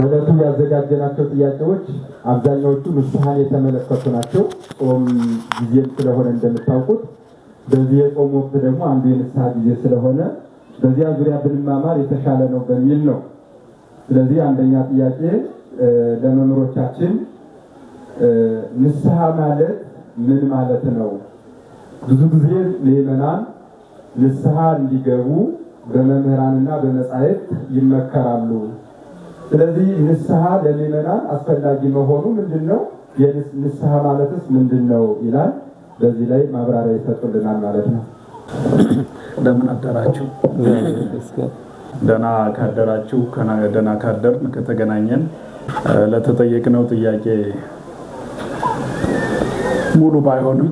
በእለቱ ያዘጋጀናቸው ጥያቄዎች አብዛኛዎቹ ንስሐን የተመለከቱ ናቸው። ጾም ጊዜም ስለሆነ እንደምታውቁት በዚህ የጾም ወቅት ደግሞ አንዱ የንስሐ ጊዜ ስለሆነ በዚያ ዙሪያ ብንማማር የተሻለ ነው በሚል ነው። ስለዚህ አንደኛ ጥያቄ ለመምህሮቻችን ንስሐ ማለት ምን ማለት ነው? ብዙ ጊዜ ምዕመናን ንስሐ እንዲገቡ በመምህራንና በመጻሕፍት ይመከራሉ። ስለዚህ ንስሐ ለምዕመናን አስፈላጊ መሆኑ ምንድን ነው? ንስሐ ማለትስ ምንድን ነው ይላል። በዚህ ላይ ማብራሪያ ይሰጡልናል ማለት ነው። እንደምን አደራችሁ? ደህና ካደራችሁ፣ ደህና ካደር ከተገናኘን ለተጠየቅነው ጥያቄ ሙሉ ባይሆንም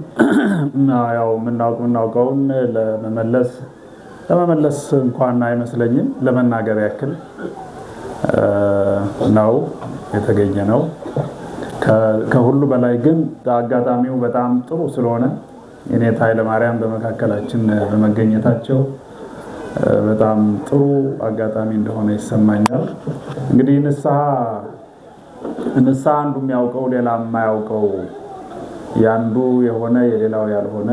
ያው የምናውቅ ምናውቀውን ለመመለስ ለመመለስ እንኳን አይመስለኝም ለመናገር ያክል ነው የተገኘ ነው። ከሁሉ በላይ ግን አጋጣሚው በጣም ጥሩ ስለሆነ የኔታ ማርያም በመካከላችን በመገኘታቸው በጣም ጥሩ አጋጣሚ እንደሆነ ይሰማኛል። እንግዲህ ንስሐ ንስሐ አንዱ የሚያውቀው ሌላ የማያውቀው የአንዱ የሆነ የሌላው ያልሆነ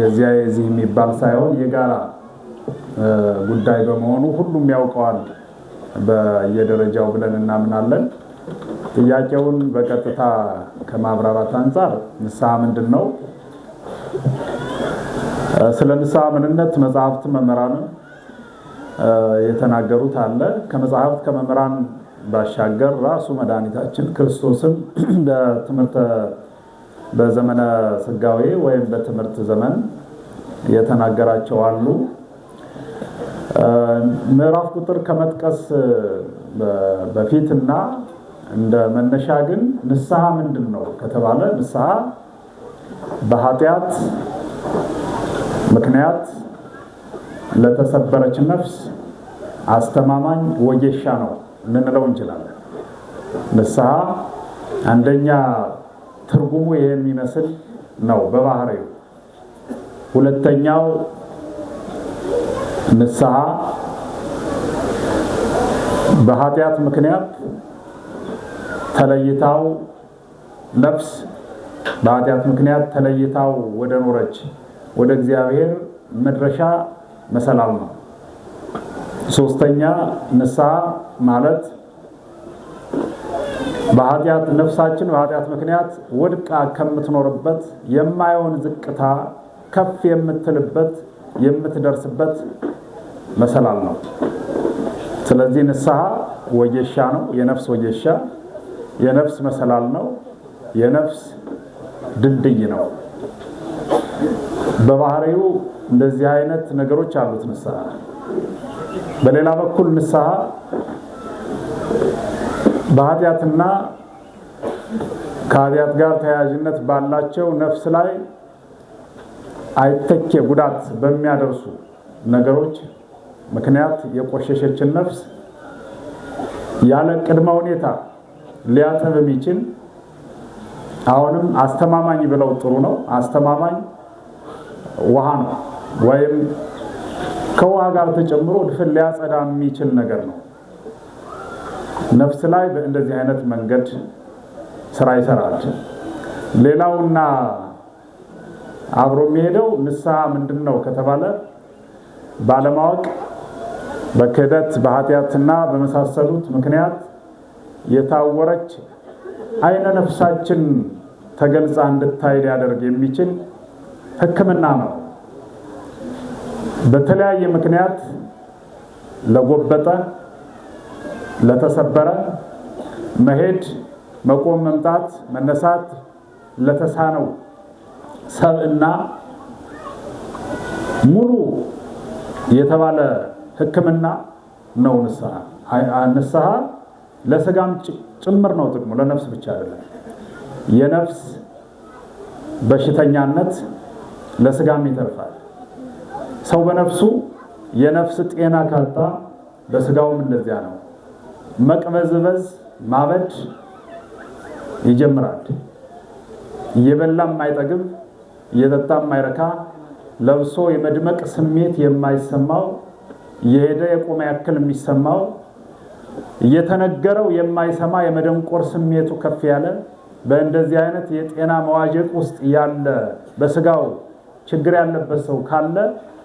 የዚያ የዚህ የሚባል ሳይሆን የጋራ ጉዳይ በመሆኑ ሁሉም ያውቀዋል በየደረጃው ብለን እናምናለን። ጥያቄውን በቀጥታ ከማብራራት አንጻር ንስሐ ምንድን ነው? ስለ ንስሐ ምንነት መጽሐፍት መምህራንም የተናገሩት አለ። ከመጽሐፍት ከመምህራን ባሻገር ራሱ መድኃኒታችን ክርስቶስም በትምህርተ በዘመነ ስጋዌ ወይም በትምህርት ዘመን የተናገራቸው አሉ። ምዕራፍ ቁጥር ከመጥቀስ በፊትና እንደ መነሻ ግን ንስሐ ምንድን ነው ከተባለ ንስሐ በኃጢአት ምክንያት ለተሰበረች ነፍስ አስተማማኝ ወጌሻ ነው። ልንለው እንችላለን። ንስሐ አንደኛ ትርጉሙ የሚመስል ነው በባህሪው። ሁለተኛው ንስሐ በኃጢአት ምክንያት ተለይታው ነፍስ በኃጢአት ምክንያት ተለይታው ወደ ኖረች ወደ እግዚአብሔር መድረሻ መሰላል ነው። ሶስተኛ ንስሐ ማለት በኃጢአት ነፍሳችን በኃጢአት ምክንያት ወድቃ ከምትኖርበት የማይሆን ዝቅታ ከፍ የምትልበት የምትደርስበት መሰላል ነው። ስለዚህ ንስሐ ወጌሻ ነው። የነፍስ ወጌሻ፣ የነፍስ መሰላል ነው። የነፍስ ድልድይ ነው። በባህሪው እንደዚህ አይነት ነገሮች አሉት ንስሐ በሌላ በኩል ንስሐ በኃጢአትና ከኃጢአት ጋር ተያያዥነት ባላቸው ነፍስ ላይ አይተኬ ጉዳት በሚያደርሱ ነገሮች ምክንያት የቆሸሸችን ነፍስ ያለ ቅድመ ሁኔታ ሊያጠብ የሚችል አሁንም አስተማማኝ ብለው ጥሩ ነው። አስተማማኝ ውሃ ነው ወይም ከውሃ ጋር ተጨምሮ ድፍን ሊያጸዳ የሚችል ነገር ነው። ነፍስ ላይ በእንደዚህ አይነት መንገድ ስራ ይሰራል። ሌላውና አብሮ የሚሄደው ንስሐ ምንድን ነው ከተባለ ባለማወቅ በክህደት በኃጢአትና በመሳሰሉት ምክንያት የታወረች አይነ ነፍሳችን ተገልጻ እንድታይ ሊያደርግ የሚችል ህክምና ነው። በተለያየ ምክንያት ለጎበጠ፣ ለተሰበረ መሄድ፣ መቆም፣ መምጣት፣ መነሳት ለተሳነው ሰብእና ሙሉ የተባለ ሕክምና ነው ንስሐ። ንስሐ ለስጋም ጭምር ነው ጥቅሙ፣ ለነፍስ ብቻ አይደለም። የነፍስ በሽተኛነት ለስጋም ይተርፋል። ሰው በነፍሱ የነፍስ ጤና ካጣ በስጋውም እንደዚያ ነው። መቅበዝበዝ ማበድ ይጀምራል። እየበላም የማይጠግብ የጠጣም የማይረካ ለብሶ የመድመቅ ስሜት የማይሰማው እየሄደ የቆመ ያክል የሚሰማው እየተነገረው የማይሰማ የመደንቆር ስሜቱ ከፍ ያለ በእንደዚህ አይነት የጤና መዋዠቅ ውስጥ ያለ በስጋው ችግር ያለበት ሰው ካለ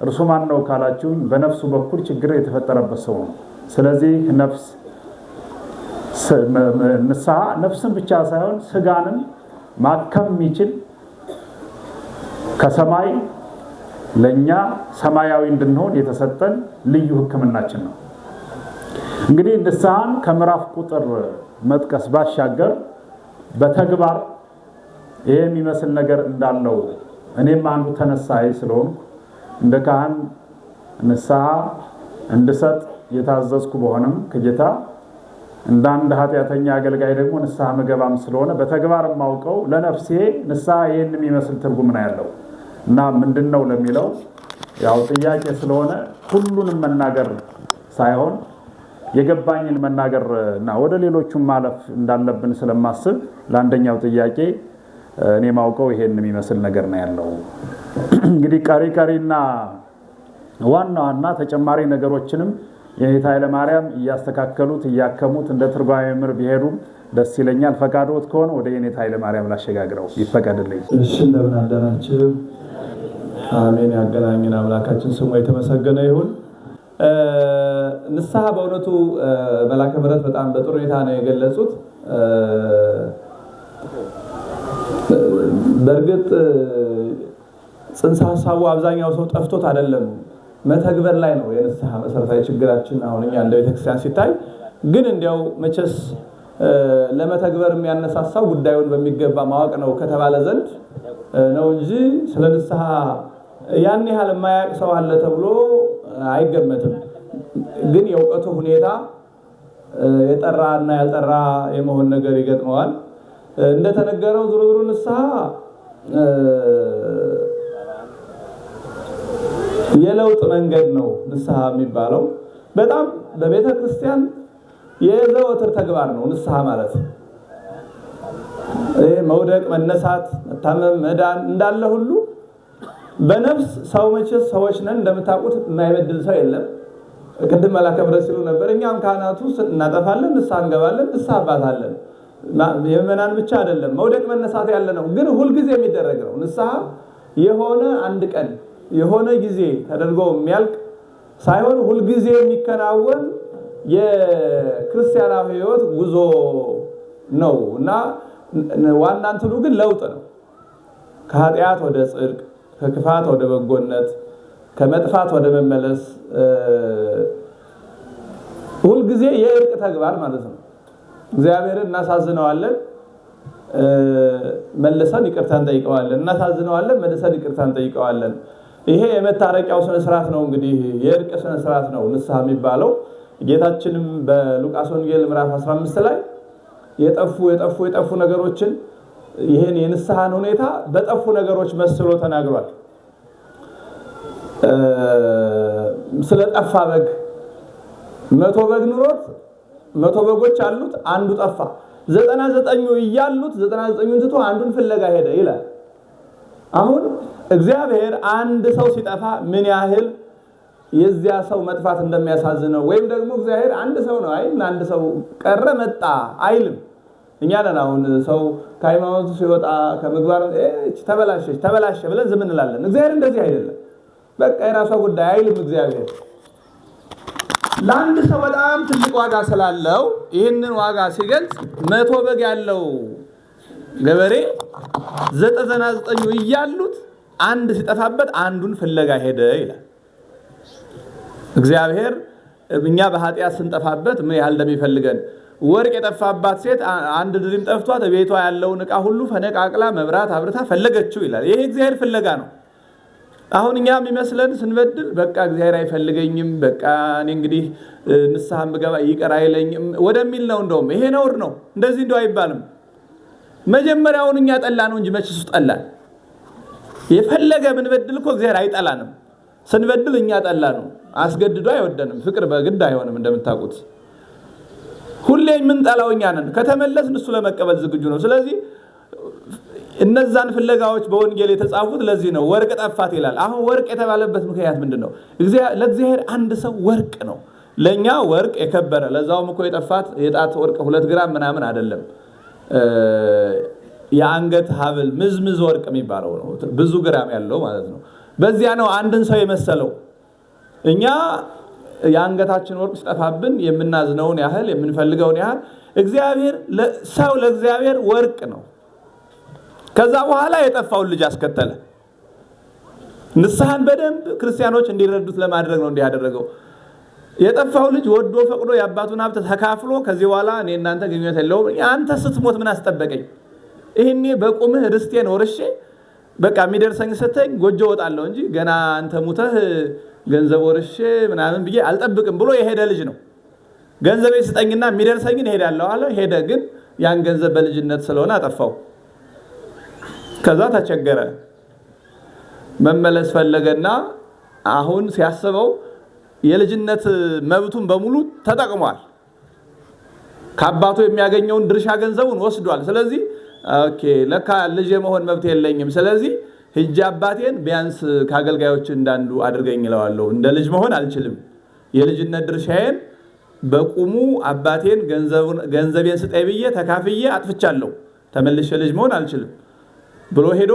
እርሱ ማን ነው ካላችሁኝ፣ በነፍሱ በኩል ችግር የተፈጠረበት ሰው ነው። ስለዚህ ነፍስ ንስሐ ነፍስን ብቻ ሳይሆን ስጋንም ማከም የሚችል ከሰማይ ለእኛ ሰማያዊ እንድንሆን የተሰጠን ልዩ ሕክምናችን ነው። እንግዲህ ንስሐን ከምዕራፍ ቁጥር መጥቀስ ባሻገር በተግባር ይሄ የሚመስል ነገር እንዳለው እኔም አንዱ ተነሳይ ስለሆንኩ እንደ ካህን ንስሐ እንድሰጥ የታዘዝኩ በሆነም ከጌታ እንደ አንድ ኃጢአተኛ አገልጋይ ደግሞ ንስሐ ምገባም ስለሆነ በተግባር የማውቀው ለነፍሴ ንስሐ ይህን የሚመስል ትርጉም ነው ያለው እና ምንድን ነው ለሚለው ያው ጥያቄ ስለሆነ ሁሉንም መናገር ሳይሆን የገባኝን መናገር እና ወደ ሌሎቹም ማለፍ እንዳለብን ስለማስብ ለአንደኛው ጥያቄ እኔ ማውቀው ይሄን የሚመስል ነገር ነው ያለው። እንግዲህ ቀሪ ቀሪና ዋና ዋና ተጨማሪ ነገሮችንም የኔታ ኃይለማርያም እያስተካከሉት እያከሙት እንደ ትርጓሜ ምር ቢሄዱም ደስ ይለኛል። ፈቃዶት ከሆነ ወደ የኔታ ኃይለማርያም ላሸጋግረው ይፈቀድልኝ። እሺ፣ እንደምን አደራችሁ? አሜን። ያገናኝን አምላካችን ስሙ የተመሰገነ ይሁን። ንስሐ በእውነቱ መላከ ምሕረት በጣም በጥሩ ሁኔታ ነው የገለጹት። በእርግጥ ጽንሰ ሀሳቡ አብዛኛው ሰው ጠፍቶት አይደለም፣ መተግበር ላይ ነው የንስሐ መሰረታዊ ችግራችን አሁን እኛ እንደ ቤተክርስቲያን ሲታይ። ግን እንዲያው መቼስ ለመተግበር የሚያነሳሳው ጉዳዩን በሚገባ ማወቅ ነው ከተባለ ዘንድ ነው እንጂ ስለ ንስሐ ያን ያህል የማያውቅ ሰው አለ ተብሎ አይገመትም። ግን የእውቀቱ ሁኔታ የጠራ እና ያልጠራ የመሆን ነገር ይገጥመዋል። እንደተነገረው ዙሮ ዙሮ ንስሐ የለውጥ መንገድ ነው ንስሐ የሚባለው። በጣም በቤተ ክርስቲያን የዘወትር ተግባር ነው ንስሐ ማለት። መውደቅ፣ መነሳት፣ መታመም፣ መዳን እንዳለ ሁሉ በነፍስ ሰው መቼ ሰዎች ነን እንደምታውቁት የማይበድል ሰው የለም። ቅድም መላከብረ ሲሉ ነበር። እኛም ካህናቱ እናጠፋለን፣ ንስሐ እንገባለን፣ ንስሐ አባታለን የምእመናን ብቻ አይደለም መውደቅ መነሳት ያለ ነው፣ ግን ሁልጊዜ የሚደረግ ነው። ንስሐ የሆነ አንድ ቀን የሆነ ጊዜ ተደርጎ የሚያልቅ ሳይሆን ሁልጊዜ የሚከናወን የክርስቲያናዊ ሕይወት ጉዞ ነው እና ዋና እንትኑ ግን ለውጥ ነው። ከኃጢአት ወደ ጽድቅ፣ ከክፋት ወደ በጎነት፣ ከመጥፋት ወደ መመለስ ሁልጊዜ የእርቅ ተግባር ማለት ነው። እግዚአብሔርን እናሳዝነዋለን መልሰን ይቅርታ እንጠይቀዋለን እናሳዝነዋለን መልሰን ይቅርታ እንጠይቀዋለን ይሄ የመታረቂያው ስነስርዓት ነው እንግዲህ የእርቅ ስነስርዓት ነው ንስሐ የሚባለው ጌታችንም በሉቃስ ወንጌል ምዕራፍ 15 ላይ የጠፉ የጠፉ የጠፉ ነገሮችን ይህን የንስሐን ሁኔታ በጠፉ ነገሮች መስሎ ተናግሯል ስለ ጠፋ በግ መቶ በግ ኑሮት መቶ በጎች አሉት፣ አንዱ ጠፋ። ዘጠና ዘጠኙ እያሉት ዘጠና ዘጠኙን ትቶ አንዱን ፍለጋ ሄደ ይላል። አሁን እግዚአብሔር አንድ ሰው ሲጠፋ ምን ያህል የዚያ ሰው መጥፋት እንደሚያሳዝነው ወይም ደግሞ እግዚአብሔር አንድ ሰው ነው አይ አንድ ሰው ቀረ መጣ አይልም። እኛ ነን አሁን ሰው ከሃይማኖቱ ሲወጣ ከምግባር ተበላሸች ተበላሸ ብለን ዝም እንላለን። እግዚአብሔር እንደዚህ አይደለም። በቃ የራሷ ጉዳይ አይልም እግዚአብሔር ለአንድ ሰው በጣም ትልቅ ዋጋ ስላለው ይህንን ዋጋ ሲገልጽ መቶ በግ ያለው ገበሬ ዘጠና ዘጠኙ እያሉት አንድ ሲጠፋበት አንዱን ፍለጋ ሄደ ይላል። እግዚአብሔር እኛ በኃጢአት ስንጠፋበት ምን ያህል እንደሚፈልገን ወርቅ የጠፋባት ሴት አንድ ድሪም ጠፍቷት ቤቷ ያለውን ዕቃ ሁሉ ፈነቃቅላ መብራት አብርታ ፈለገችው ይላል። ይሄ እግዚአብሔር ፍለጋ ነው። አሁን እኛ የሚመስለን ስንበድል በቃ እግዚአብሔር አይፈልገኝም፣ በቃ እኔ እንግዲህ ንስሐ ብገባ ይቅር አይለኝም ወደሚል ነው። እንደውም ይሄ ነውር ነው። እንደዚህ እንደው አይባልም። መጀመሪያውን እኛ ጠላ ነው እንጂ መችሱ ጠላን። የፈለገ ብንበድል እኮ እግዚአብሔር አይጠላንም። ስንበድል እኛ ጠላ ነው። አስገድዶ አይወደንም። ፍቅር በግድ አይሆንም። እንደምታውቁት ሁሌ የምንጠላው እኛ ነን። ከተመለስን እሱ ለመቀበል ዝግጁ ነው። ስለዚህ እነዛን ፍለጋዎች በወንጌል የተጻፉት ለዚህ ነው። ወርቅ ጠፋት ይላል። አሁን ወርቅ የተባለበት ምክንያት ምንድን ነው? ለእግዚአብሔር አንድ ሰው ወርቅ ነው። ለእኛ ወርቅ የከበረ ለዛውም እኮ የጠፋት የጣት ወርቅ ሁለት ግራም ምናምን አይደለም። የአንገት ሀብል ምዝምዝ ወርቅ የሚባለው ነው። ብዙ ግራም ያለው ማለት ነው። በዚያ ነው አንድን ሰው የመሰለው። እኛ የአንገታችን ወርቅ ሲጠፋብን የምናዝነውን ያህል የምንፈልገውን ያህል እግዚአብሔር ሰው ለእግዚአብሔር ወርቅ ነው። ከዛ በኋላ የጠፋውን ልጅ አስከተለ። ንስሐን በደንብ ክርስቲያኖች እንዲረዱት ለማድረግ ነው እንዲህ ያደረገው። የጠፋው ልጅ ወዶ ፈቅዶ የአባቱን ሀብት ተካፍሎ ከዚህ በኋላ እኔ እናንተ ግንኙነት የለውም፣ አንተ ስትሞት ምን አስጠበቀኝ? ይህኔ በቁምህ ርስቴን ወርሼ በቃ የሚደርሰኝ ስተኝ ጎጆ ወጣለሁ እንጂ ገና አንተ ሙተህ ገንዘብ ወርሼ ምናምን ብዬ አልጠብቅም ብሎ የሄደ ልጅ ነው። ገንዘቤ ስጠኝና የሚደርሰኝን እሄዳለሁ አለ። ሄደ፣ ግን ያን ገንዘብ በልጅነት ስለሆነ አጠፋው። ከዛ ተቸገረ። መመለስ ፈለገና አሁን ሲያስበው የልጅነት መብቱን በሙሉ ተጠቅሟል። ከአባቱ የሚያገኘውን ድርሻ ገንዘቡን ወስዷል። ስለዚህ ኦኬ ለካ ልጅ የመሆን መብት የለኝም፣ ስለዚህ ህጅ አባቴን ቢያንስ ከአገልጋዮች እንዳንዱ አድርገኝ እለዋለሁ። እንደ ልጅ መሆን አልችልም፣ የልጅነት ድርሻዬን በቁሙ አባቴን ገንዘቤን ስጠይ ብዬ ተካፍዬ አጥፍቻለሁ። ተመልሼ ልጅ መሆን አልችልም። ብሎ ሄዶ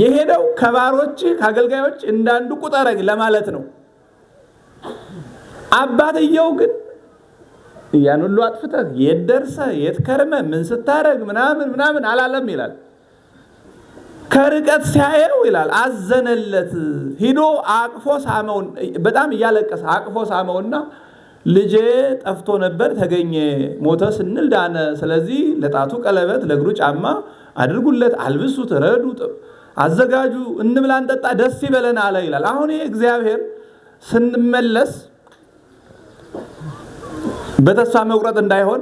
የሄደው ከባሮች ከአገልጋዮች እንዳንዱ ቁጠረኝ ለማለት ነው። አባትየው ግን ያን ሁሉ አጥፍተህ የት ደርሰህ የት ከርመህ ምን ስታረግ ምናምን ምናምን አላለም ይላል። ከርቀት ሲያየው ይላል አዘነለት። ሂዶ አቅፎ ሳመው፣ በጣም እያለቀሰ አቅፎ ሳመውና ልጄ ጠፍቶ ነበር ተገኘ፣ ሞተ ስንል ዳነ። ስለዚህ ለጣቱ ቀለበት፣ ለእግሩ ጫማ አድርጉለት፣ አልብሱት፣ ረዱት አዘጋጁ፣ እንብላ፣ እንጠጣ፣ ደስ ይበለን አለ ይላል። አሁን ይሄ እግዚአብሔር ስንመለስ በተስፋ መቁረጥ እንዳይሆን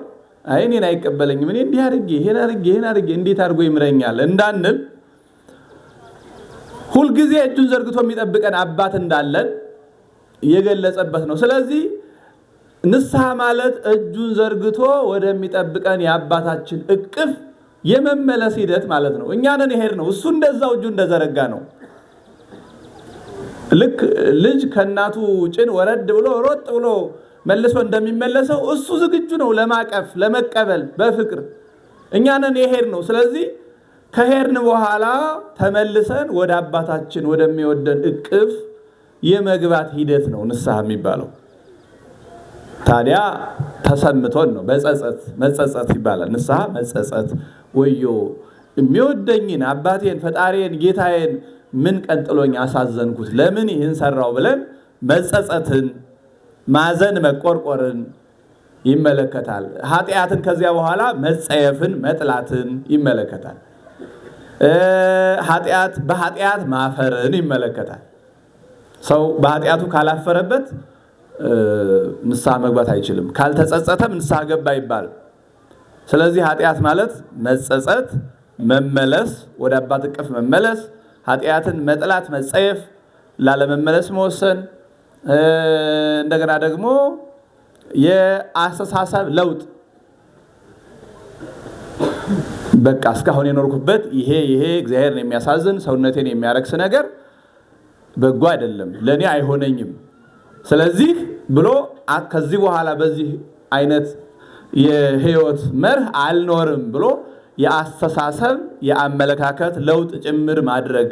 አይ እኔን አይቀበለኝም እኔ እንዲህ አድርጌ ይሄን አድርጌ ይሄን አድርጌ እንዴት አድርጎ ይምረኛል እንዳንል ሁልጊዜ እጁን ዘርግቶ የሚጠብቀን አባት እንዳለን የገለጸበት ነው። ስለዚህ ንስሐ ማለት እጁን ዘርግቶ ወደሚጠብቀን የአባታችን እቅፍ የመመለስ ሂደት ማለት ነው። እኛ ነን የሄድ ነው። እሱ እንደዛው እጁ እንደዘረጋ ነው። ልክ ልጅ ከእናቱ ጭን ወረድ ብሎ ሮጥ ብሎ መልሶ እንደሚመለሰው እሱ ዝግጁ ነው ለማቀፍ፣ ለመቀበል በፍቅር እኛ ነን የሄድ ነው። ስለዚህ ከሄድን በኋላ ተመልሰን ወደ አባታችን ወደሚወደን እቅፍ የመግባት ሂደት ነው ንስሐ የሚባለው። ታዲያ ተሰምቶን ነው መጸጸት መጸጸት ይባላል። ንስሐ መጸጸት። ወዮ የሚወደኝን አባቴን፣ ፈጣሪን፣ ጌታዬን ምን ቀንጥሎኝ አሳዘንኩት፣ ለምን ይህን ሰራው ብለን መጸጸትን ማዘን መቆርቆርን ይመለከታል። ኃጢአትን ከዚያ በኋላ መጸየፍን መጥላትን ይመለከታል። ኃጢአት በኃጢአት ማፈርን ይመለከታል። ሰው በኃጢአቱ ካላፈረበት ንስሐ መግባት አይችልም። ካልተጸጸተም ንስሐ ገባ አይባልም። ስለዚህ ኃጢአት ማለት መጸጸት፣ መመለስ፣ ወደ አባት እቅፍ መመለስ፣ ኃጢአትን መጥላት፣ መጸየፍ፣ ላለመመለስ መወሰን፣ እንደገና ደግሞ የአስተሳሰብ ለውጥ በቃ እስካሁን የኖርኩበት ይሄ ይሄ እግዚአብሔርን የሚያሳዝን ሰውነቴን የሚያረክስ ነገር በጎ አይደለም፣ ለእኔ አይሆነኝም ስለዚህ ብሎ ከዚህ በኋላ በዚህ አይነት የህይወት መርህ አልኖርም ብሎ የአስተሳሰብ የአመለካከት ለውጥ ጭምር ማድረግ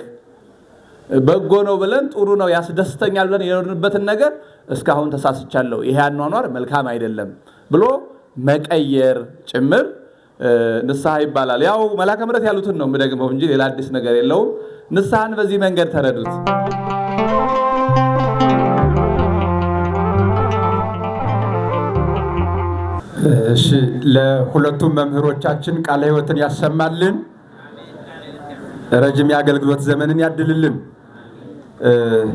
በጎ ነው ብለን ጥሩ ነው ያስደስተኛል ብለን የኖርንበትን ነገር እስካሁን ተሳስቻለሁ፣ ይሄ አኗኗር መልካም አይደለም ብሎ መቀየር ጭምር ንስሐ ይባላል። ያው መላከ ምሕረት ያሉትን ነው የምደግመው እንጂ ሌላ አዲስ ነገር የለውም። ንስሐን በዚህ መንገድ ተረዱት። እሺ ለሁለቱም መምህሮቻችን ቃለ ሕይወትን ያሰማልን፣ ረጅም የአገልግሎት ዘመንን ያድልልን።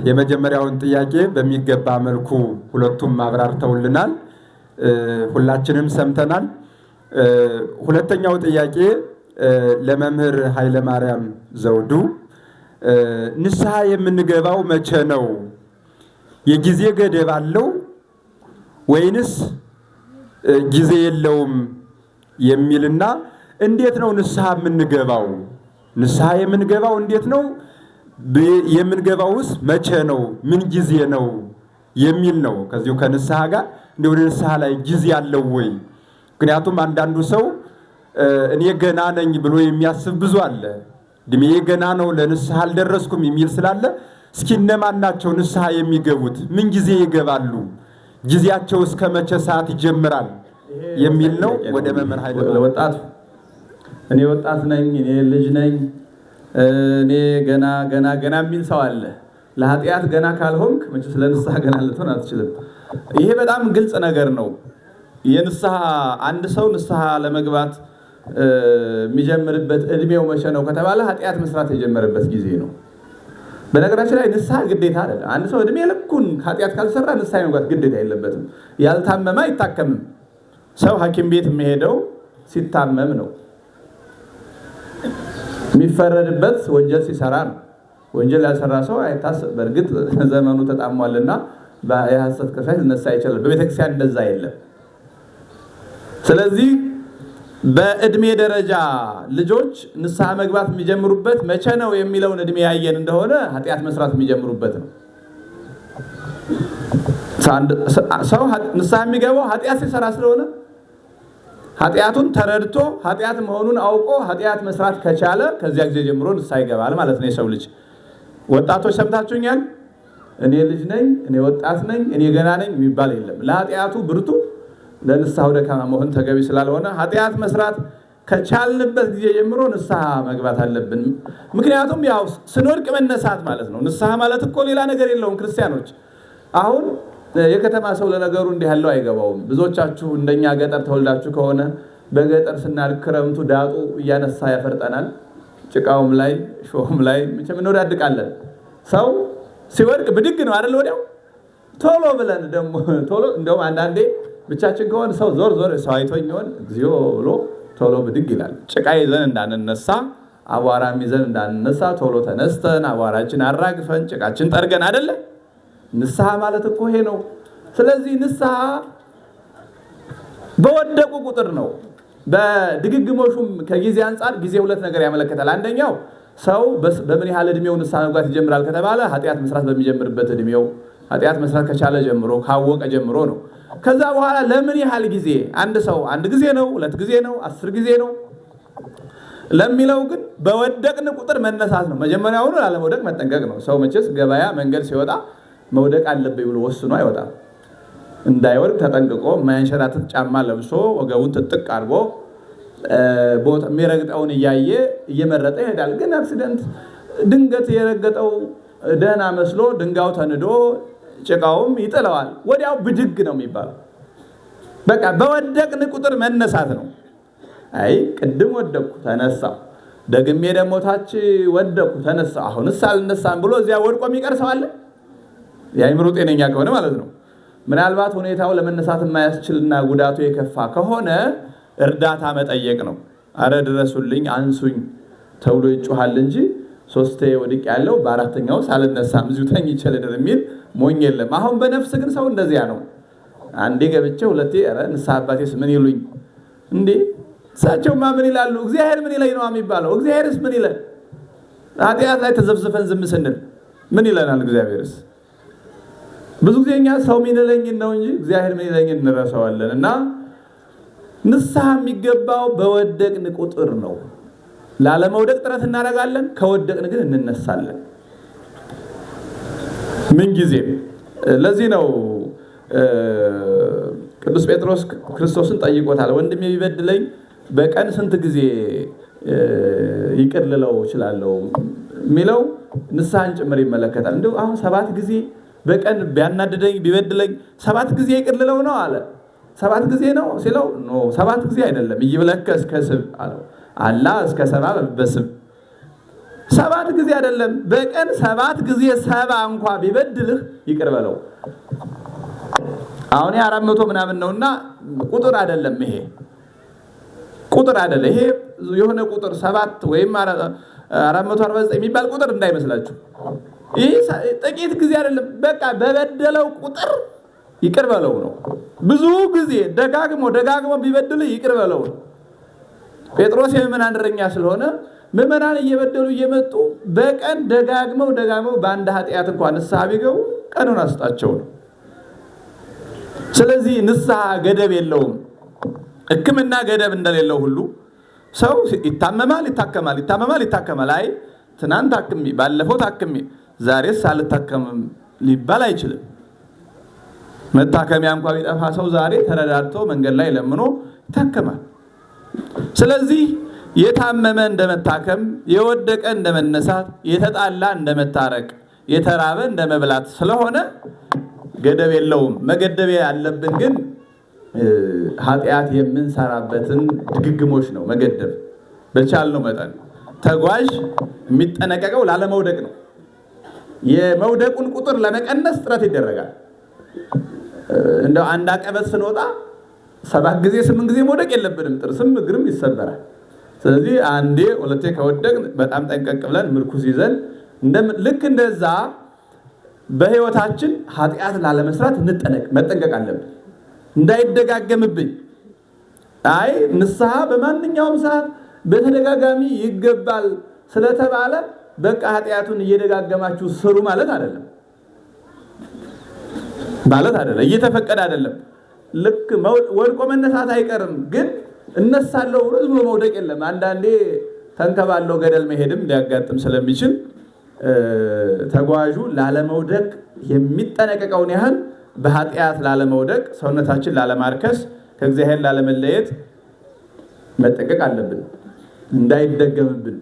የመጀመሪያውን ጥያቄ በሚገባ መልኩ ሁለቱም አብራርተውልናል፣ ሁላችንም ሰምተናል። ሁለተኛው ጥያቄ ለመምህር ኃይለ ማርያም ዘውዱ ንስሐ የምንገባው መቼ ነው? የጊዜ ገደብ አለው ወይንስ ጊዜ የለውም የሚልና እንዴት ነው ንስሐ የምንገባው? ንስሐ የምንገባው እንዴት ነው የምንገባውስ? መቼ ነው? ምን ጊዜ ነው የሚል ነው። ከዚሁ ከንስሐ ጋር እንዲ ወደ ንስሐ ላይ ጊዜ አለው ወይ? ምክንያቱም አንዳንዱ ሰው እኔ ገና ነኝ ብሎ የሚያስብ ብዙ አለ። እድሜ ገና ነው ለንስሐ አልደረስኩም የሚል ስላለ እስኪ እነማን ናቸው ንስሐ የሚገቡት? ምን ጊዜ ይገባሉ? ጊዜያቸው እስከ መቼ ሰዓት ይጀምራል የሚል ነው። ወደ መምህር ኃይለ ወጣቱ እኔ ወጣት ነኝ፣ እኔ ልጅ ነኝ፣ እኔ ገና ገና ገና የሚል ሰው አለ። ለኃጢአት ገና ካልሆንክ መቼ ስለ ንስሐ ገና ልትሆን አትችልም። ይሄ በጣም ግልጽ ነገር ነው። የንስሐ አንድ ሰው ንስሐ ለመግባት የሚጀምርበት እድሜው መቼ ነው ከተባለ ኃጢአት መስራት የጀመረበት ጊዜ ነው። በነገራችን ላይ ንስሐ ግዴታ አለ። አንድ ሰው እድሜ ልኩን ኃጢአት ካልሰራ ንስሐ የመግባት ግዴታ የለበትም። ያልታመመ አይታከምም። ሰው ሐኪም ቤት የሚሄደው ሲታመም ነው። የሚፈረድበት ወንጀል ሲሰራ ነው። ወንጀል ያልሰራ ሰው አይታስ በእርግጥ ዘመኑ ተጣሟልና የሐሰት ከሳሽ ሊነሳ ይችላል። በቤተክርስቲያን እንደዛ የለም። ስለዚህ በእድሜ ደረጃ ልጆች ንስሐ መግባት የሚጀምሩበት መቼ ነው የሚለውን እድሜ ያየን እንደሆነ ኃጢአት መስራት የሚጀምሩበት ነው። ሰው ንስሐ የሚገባው ኃጢአት ሲሰራ ስለሆነ ኃጢአቱን ተረድቶ ኃጢአት መሆኑን አውቆ ኃጢአት መስራት ከቻለ ከዚያ ጊዜ ጀምሮ ንስሐ ይገባል ማለት ነው። የሰው ልጅ ወጣቶች ሰምታችሁኛል። እኔ ልጅ ነኝ፣ እኔ ወጣት ነኝ፣ እኔ ገና ነኝ የሚባል የለም። ለኃጢአቱ ብርቱ ለንስሐው ደካማ መሆን ተገቢ ስላልሆነ ኃጢአት መስራት ከቻልንበት ጊዜ ጀምሮ ንስሐ መግባት አለብን። ምክንያቱም ያው ስንወድቅ መነሳት ማለት ነው። ንስሐ ማለት እኮ ሌላ ነገር የለውም። ክርስቲያኖች አሁን የከተማ ሰው ለነገሩ እንዲህ ያለው አይገባውም። ብዙዎቻችሁ እንደኛ ገጠር ተወልዳችሁ ከሆነ በገጠር ስናድግ ክረምቱ ዳጡ እያነሳ ያፈርጠናል። ጭቃውም ላይ ሾም ላይ መቼም እንወዳድቃለን። ሰው ሲወድቅ ብድግ ነው አደለ ወዲያው ቶሎ ብለን ደግሞ ቶሎ እንደውም አንዳንዴ ብቻችን ከሆን ሰው ዞር ዞር ሰው አይቶኝ ይሆን እግዚኦ ብሎ ቶሎ ብድግ ይላል። ጭቃ ይዘን እንዳንነሳ፣ አቧራም ይዘን እንዳንነሳ ቶሎ ተነስተን አቧራችን አራግፈን ጭቃችን ጠርገን አደለ። ንስሐ ማለት እኮ ይሄ ነው። ስለዚህ ንስሐ በወደቁ ቁጥር ነው። በድግግሞሹም ከጊዜ አንጻር ጊዜ ሁለት ነገር ያመለከታል። አንደኛው ሰው በምን ያህል እድሜው ንስሐ መግባት ይጀምራል ከተባለ ኃጢአት መስራት በሚጀምርበት እድሜው ኃጢአት መስራት ከቻለ ጀምሮ ካወቀ ጀምሮ ነው። ከዛ በኋላ ለምን ያህል ጊዜ አንድ ሰው አንድ ጊዜ ነው፣ ሁለት ጊዜ ነው፣ አስር ጊዜ ነው ለሚለው ግን በወደቅን ቁጥር መነሳት ነው። መጀመሪያውኑ ላለመውደቅ መጠንቀቅ ነው። ሰው መቼስ ገበያ መንገድ ሲወጣ መውደቅ አለብኝ ብሎ ወስኖ አይወጣም። እንዳይወድቅ ተጠንቅቆ ማያንሸራትት ጫማ ለብሶ ወገቡን ትጥቅ አድርጎ የሚረግጠውን እያየ እየመረጠ ይሄዳል። ግን አክሲደንት ድንገት የረገጠው ደህና መስሎ ድንጋዩ ተንዶ ጭቃውም ይጥለዋል። ወዲያው ብድግ ነው የሚባለው። በቃ በወደቅን ቁጥር መነሳት ነው። አይ ቅድም ወደቅኩ ተነሳ ደግሜ ደግሞ ታች ወደቅኩ ተነሳው፣ አሁንስ አልነሳም ብሎ እዚያ ወድቆ የሚቀር ሰው አለ? ጤነኛ ከሆነ ማለት ነው። ምናልባት ሁኔታው ለመነሳት የማያስችልና ጉዳቱ የከፋ ከሆነ እርዳታ መጠየቅ ነው። አረ ድረሱልኝ፣ አንሱኝ ተብሎ ይጮሃል እንጂ ሶስቴ ወድቅ ያለው በአራተኛው ሳልነሳም እዚሁ ተኝቼ ልደር የሚል ሞኝ የለም። አሁን በነፍስ ግን ሰው እንደዚያ ነው። አንዴ ገብቼ ሁለቴ ኧረ ንስሐ አባቴስ ምን ይሉኝ እንዴ? እሳቸውማ ምን ይላሉ? እግዚአብሔር ምን ይለኝ ነው የሚባለው። እግዚአብሔርስ ምን ይለን? ኃጢአት ላይ ተዘብዝፈን ዝም ስንል ምን ይለናል? እግዚአብሔርስ ብዙ ጊዜ እኛ ሰው ምን ይለኝን ነው እንጂ እግዚአብሔር ምን ይለኝን እንረሳዋለን። እና ንስሐ የሚገባው በወደቅን ቁጥር ነው። ላለመውደቅ ጥረት እናደርጋለን፣ ከወደቅን ግን እንነሳለን። ምንጊዜ ለዚህ ነው ቅዱስ ጴጥሮስ ክርስቶስን ጠይቆታል፣ ወንድሜ ቢበድለኝ በቀን ስንት ጊዜ ይቅልለው ልለው የሚለው ንስሐን ጭምር ይመለከታል። እንዲሁ አሁን ሰባት ጊዜ በቀን ቢያናድደኝ ቢበድለኝ ሰባት ጊዜ ይቅር ነው አለ። ሰባት ጊዜ ነው ሲለው፣ ሰባት ጊዜ አይደለም፣ ይብለከ እስከ ስብ አለው አላ እስከ ሰባ በስብ ሰባት ጊዜ አይደለም በቀን ሰባት ጊዜ ሰባ እንኳ ቢበድልህ ይቅር በለው። አሁን አራት መቶ ምናምን ነውና ቁጥር አይደለም ይሄ ቁጥር አይደለም ይሄ የሆነ ቁጥር ሰባት ወይም 449 የሚባል ቁጥር እንዳይመስላችሁ። ይህ ጥቂት ጊዜ አይደለም። በቃ በበደለው ቁጥር ይቅር በለው ነው። ብዙ ጊዜ ደጋግሞ ደጋግሞ ቢበድልህ ይቅር በለው ነው። ጴጥሮስ የምዕመናን እረኛ ስለሆነ ምዕመናን እየበደሉ እየመጡ በቀን ደጋግመው ደጋግመው በአንድ ኃጢአት እንኳን ንስሐ ቢገቡ ቀኑን አስጣቸው ነው። ስለዚህ ንስሐ ገደብ የለውም። ሕክምና ገደብ እንደሌለው ሁሉ ሰው ይታመማል፣ ይታከማል፣ ይታመማል፣ ይታከማል። አይ ትናንት ታክሜ፣ ባለፈው ታክሜ፣ ዛሬስ አልታከምም ሊባል አይችልም። መታከሚያ እንኳ ቢጠፋ ሰው ዛሬ ተረዳድቶ መንገድ ላይ ለምኖ ይታከማል። ስለዚህ የታመመ እንደመታከም፣ የወደቀ እንደመነሳት፣ የተጣላ እንደመታረቅ፣ የተራበ እንደመብላት ስለሆነ ገደብ የለውም። መገደብ ያለብን ግን ኃጢአት የምንሰራበትን ድግግሞች ነው መገደብ። በቻልነው መጠን ተጓዥ የሚጠነቀቀው ላለመውደቅ ነው። የመውደቁን ቁጥር ለመቀነስ ጥረት ይደረጋል። እንደው አንድ አቀበት ስንወጣ ሰባት ጊዜ ስምንት ጊዜ መውደቅ የለብንም። ጥርስም እግርም ይሰበራል። ስለዚህ አንዴ ሁለቴ ከወደቅ በጣም ጠንቀቅ ብለን ምርኩዝ ይዘን ልክ እንደዛ በህይወታችን ኃጢአት ላለመስራት እንጠነቅ መጠንቀቅ አለብን። እንዳይደጋገምብኝ አይ ንስሐ በማንኛውም ሰዓት በተደጋጋሚ ይገባል ስለተባለ በቃ ኃጢአቱን እየደጋገማችሁ ስሩ ማለት አይደለም ማለት አይደለም፣ እየተፈቀደ አይደለም። ልክ ወድቆ መነሳት አይቀርም ግን እነሳለሁ ዝም መውደቅ የለም። አንዳንዴ ተንከባለው ገደል መሄድም ሊያጋጥም ስለሚችል ተጓዡ ላለመውደቅ የሚጠነቀቀውን ያህል በኃጢአት ላለመውደቅ፣ ሰውነታችን ላለማርከስ፣ ከእግዚአብሔር ላለመለየት መጠንቀቅ አለብን እንዳይደገምብን።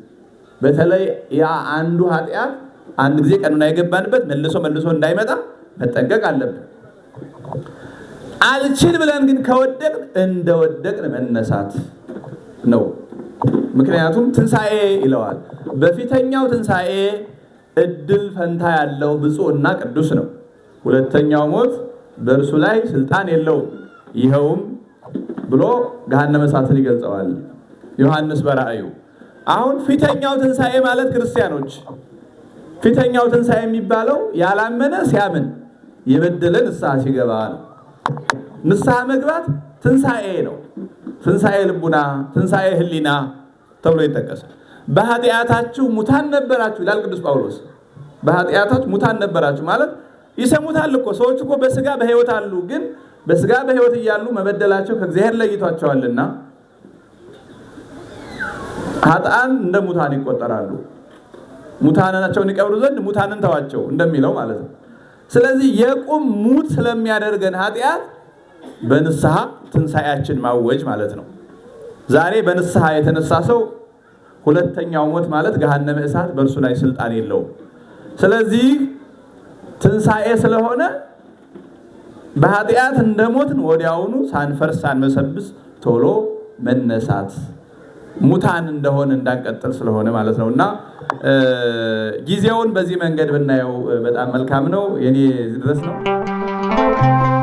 በተለይ ያ አንዱ ኃጢአት አንድ ጊዜ ቀኑን አይገባንበት መልሶ መልሶ እንዳይመጣ መጠንቀቅ አለብን። አልችል ብለን ግን ከወደቅን እንደወደቅን መነሳት ነው። ምክንያቱም ትንሣኤ ይለዋል። በፊተኛው ትንሣኤ እድል ፈንታ ያለው ብፁዕና እና ቅዱስ ነው። ሁለተኛው ሞት በእርሱ ላይ ስልጣን የለውም። ይኸውም ብሎ ገሃነመ እሳትን ይገልጸዋል ዮሐንስ በራእዩ። አሁን ፊተኛው ትንሣኤ ማለት ክርስቲያኖች ፊተኛው ትንሣኤ የሚባለው ያላመነ ሲያምን የበደለ ንስሐ ሲገባ ነው። ንስሐ መግባት ትንሣኤ ነው። ትንሣኤ ልቡና፣ ትንሣኤ ህሊና ተብሎ ይጠቀሳል። በኃጢአታችሁ ሙታን ነበራችሁ ይላል ቅዱስ ጳውሎስ። በኃጢአታችሁ ሙታን ነበራችሁ ማለት ይሰሙታል እኮ ሰዎች እኮ በስጋ በህይወት አሉ፣ ግን በስጋ በህይወት እያሉ መበደላቸው ከእግዚአብሔር ለይቷቸዋልና ኃጥአን እንደ ሙታን ይቆጠራሉ። ሙታናቸውን ይቀብሩ ዘንድ ሙታንን ተዋቸው እንደሚለው ማለት ነው። ስለዚህ የቁም ሙት ስለሚያደርገን ኃጢአት በንስሐ ትንሣኤያችን ማወጅ ማለት ነው። ዛሬ በንስሐ የተነሳ ሰው ሁለተኛው ሞት ማለት ገሃነመ እሳት በእርሱ ላይ ስልጣን የለውም። ስለዚህ ትንሣኤ ስለሆነ በኃጢአት እንደሞትን ወዲያውኑ ሳንፈርስ ሳንመሰብስ ቶሎ መነሳት ሙታን እንደሆን እንዳንቀጥል ስለሆነ ማለት ነው እና ጊዜውን በዚህ መንገድ ብናየው በጣም መልካም ነው። የኔ ድረስ ነው።